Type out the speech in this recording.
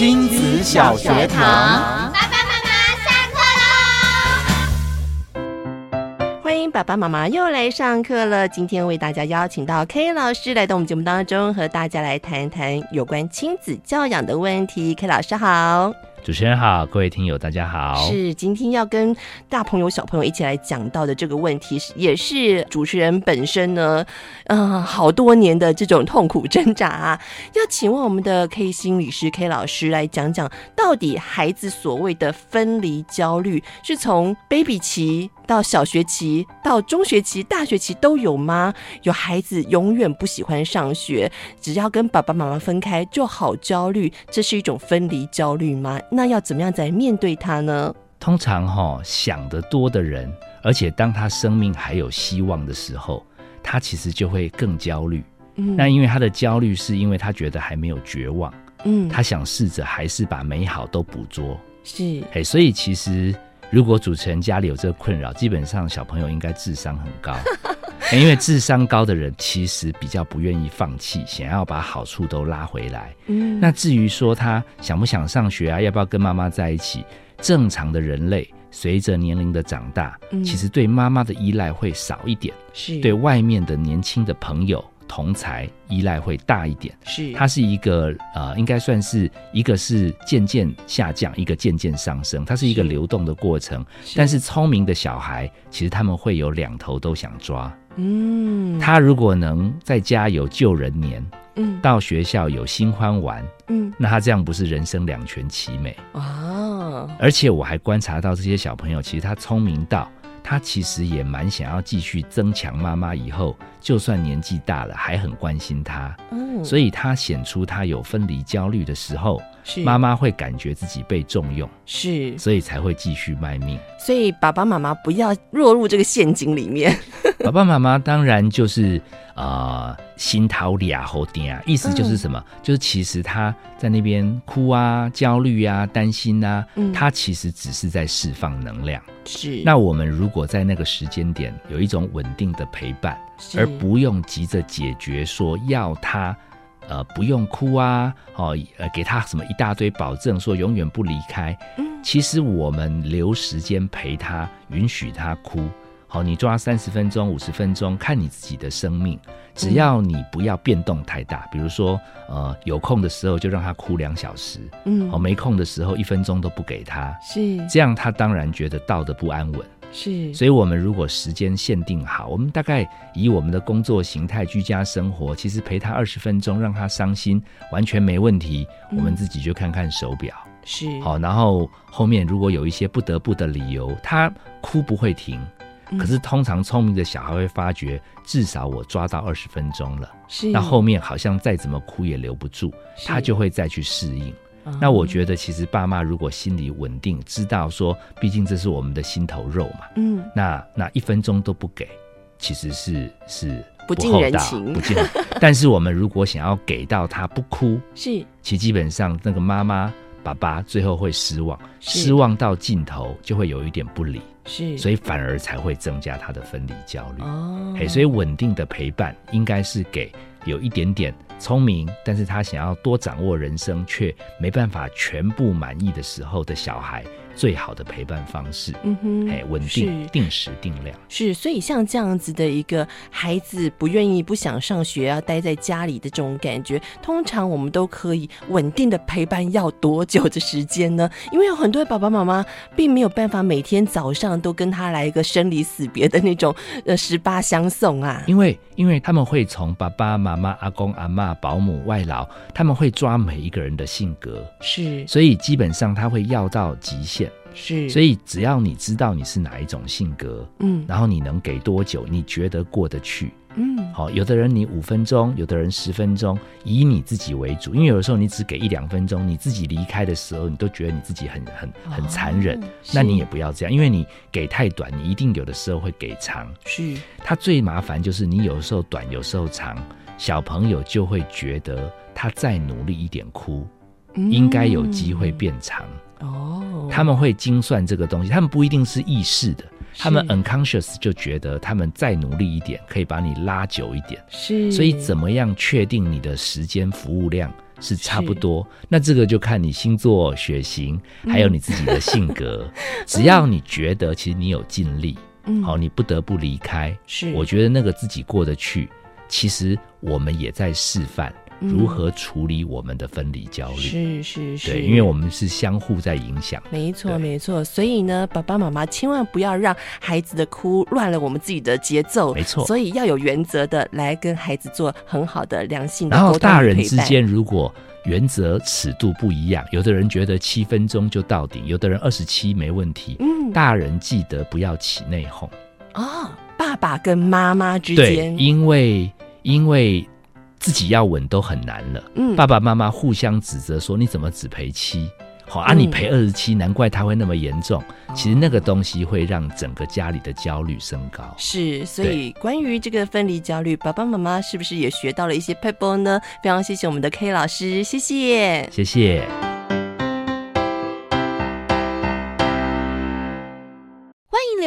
親子小學堂，爸爸媽媽下課嘍！歡迎爸爸媽媽又來上課了。今天為大家邀請到 K 老師來到我們節目當中，和大家來談談有關親子教養的問題。K 老師好。主持人好，各位聽友大家好。是今天要跟大朋友小朋友一起來講到的這個問題，也是主持人本身呢，嗯、呃，好多年的這種痛苦掙扎啊。要請問我們的 K 心理師 K 老師來講講，到底孩子所謂的分離焦慮是從 baby 期到小學期到中學期、大學期都有嗎？有孩子永遠不喜歡上學，只要跟爸爸媽媽分開就好焦慮，這是一種分離焦慮嗎？那要怎麼樣在面對他呢？通常哈、哦、想得多的人，而且當他生命還有希望的時候，他其實就會更焦慮。嗯，那因為他的焦慮是因為他覺得還沒有絕望。嗯，他想試着還是把美好都捕捉。是，hey, 所以其實如果主持人家裡有這個困擾，基本上小朋友應該智商很高。 欸、因為智商高的人其實比較不願意放棄，想要把好處都拉回來。嗯，那至於說他想不想上學啊，要不要跟媽媽在一起？正常的人類隨着年齡的長大，嗯、其實對媽媽的依賴會少一點，是對外面的年輕的朋友同儕依賴會大一點。是，他是一個呃，應該算是一個是漸漸下降，一個漸漸上升，它是一個流動的過程。是，但是聰明的小孩，其實他們會有兩頭都想抓。嗯，他如果能在家有舊人黏，嗯，到學校有新歡玩，嗯，那他這樣不是人生兩全其美？哦，而且我還觀察到這些小朋友，其實他聰明到，他其實也蠻想要繼續增強媽媽以後，就算年紀大了，還很關心他，嗯，所以他顯出他有分離焦慮的時候。媽媽是會感覺自己被重用，是，所以才會繼續賣命。所以爸爸媽媽不要落入這個陷阱裡面。 爸爸媽媽當然就是啊、呃，心掏裡喉啊，意思就是什麼？嗯、就是其實他在那邊哭啊、焦慮啊、擔心啊，嗯、他其實只是在釋放能量。是。那我們如果在那個時間點有一種穩定的陪伴，是而不用急着解決，說要他。呃，不用哭啊，哦，呃，給他什麼一大堆保證，說永遠不離開。嗯、其實我們留時間陪他，允許他哭。好、哦，你抓三十分鐘、五十分鐘，看你自己的生命。只要你不要變動太大，嗯、比如說，呃，有空的時候就讓他哭兩小時，嗯、哦，沒空的時候一分鐘都不給他。是，這樣他當然覺得到的不安穩。是，所以我們如果時間限定好，我們大概以我們的工作形態、居家生活，其實陪他二十分鐘，讓他傷心完全沒問題。我們自己就看看手錶、嗯，是好。然後後面如果有一些不得不的理由，他哭不會停，可是通常聰明的小孩會發覺，至少我抓到二十分鐘了。是、嗯，那後面好像再怎麼哭也留不住，是他就會再去適應。那我覺得，其實爸媽如果心裡穩定，知道說，畢竟這是我們的心頭肉嘛，嗯，那那一分鐘都不給，其實是是不厚道不近人情， 不近。但是我們如果想要給到他不哭，是，其實基本上那個媽媽爸爸最後會失望，是失望到盡頭就會有一點不理，是，所以反而才會增加他的分離焦慮哦。Hey, 所以穩定的陪伴應該是給。有一點點聰明，但是他想要多掌握人生，卻沒辦法全部滿意的時候的小孩。最好的陪伴方式，嗯哼，哎，穩定、是定時、定量是。所以像這樣子的一個孩子不願意、不想上學要待在家裡的這種感覺，通常我們都可以穩定的陪伴，要多久的時間呢？因為有很多的爸爸媽媽並沒有辦法每天早上都跟他來一個生離死別的那種呃十八相送啊。因為，因為他們會從爸爸媽媽、阿公阿嬤、保姆、外勞，他們會抓每一個人的性格，是。所以基本上他會要到極限。是，所以只要你知道你是哪一種性格，嗯，然後你能給多久，你覺得過得去，嗯，好、哦，有的人你五分鐘，有的人十分鐘，以你自己為主，因為有的時候你只給一兩分鐘，你自己離開的時候，你都覺得你自己很很很殘忍，哦，那你也不要這樣，因為你給太短，你一定有的時候會給長，是，他最麻煩就是你有時候短，有時候長，小朋友就會覺得他再努力一點哭，應該有機會變長、嗯、哦，他們會精算這個東西，他們不一定是意識的，是他們 unconscious 就覺得他們再努力一點，可以把你拉久一點。是，所以怎麼樣確定你的時間服務量是差不多？是那這個就看你星座、血型，還有你自己的性格。嗯、只要你覺得其實你有盡力，好、嗯哦，你不得不離開，是，我覺得那個自己過得去。其實我們也在示範。如何處理我們的分離焦慮？嗯、對是是是，對，因為我們是相互在影響。沒錯錯對沒錯，所以呢，爸爸媽媽千萬不要讓孩子的哭亂了我們自己的節奏。沒錯錯，所以要有原則的來跟孩子做很好的良性的溝通然後大人之間如果原則尺度不一樣，有的人覺得七分鐘就到頂，有的人二十七沒問題。嗯，大人記得不要起內訌。哦，爸爸跟媽媽之間，對，因為因為。自己要穩都很難了，嗯、爸爸媽媽互相指責說：“你怎麼只賠七？好啊，你賠二十七，難怪他會那麼嚴重。嗯”其實那個東西會讓整個家裡的焦慮升高。是，所以對關於這個分離焦慮，爸爸媽媽是不是也學到了一些撇步呢？非常謝謝我們的 K 老師，謝謝，謝謝。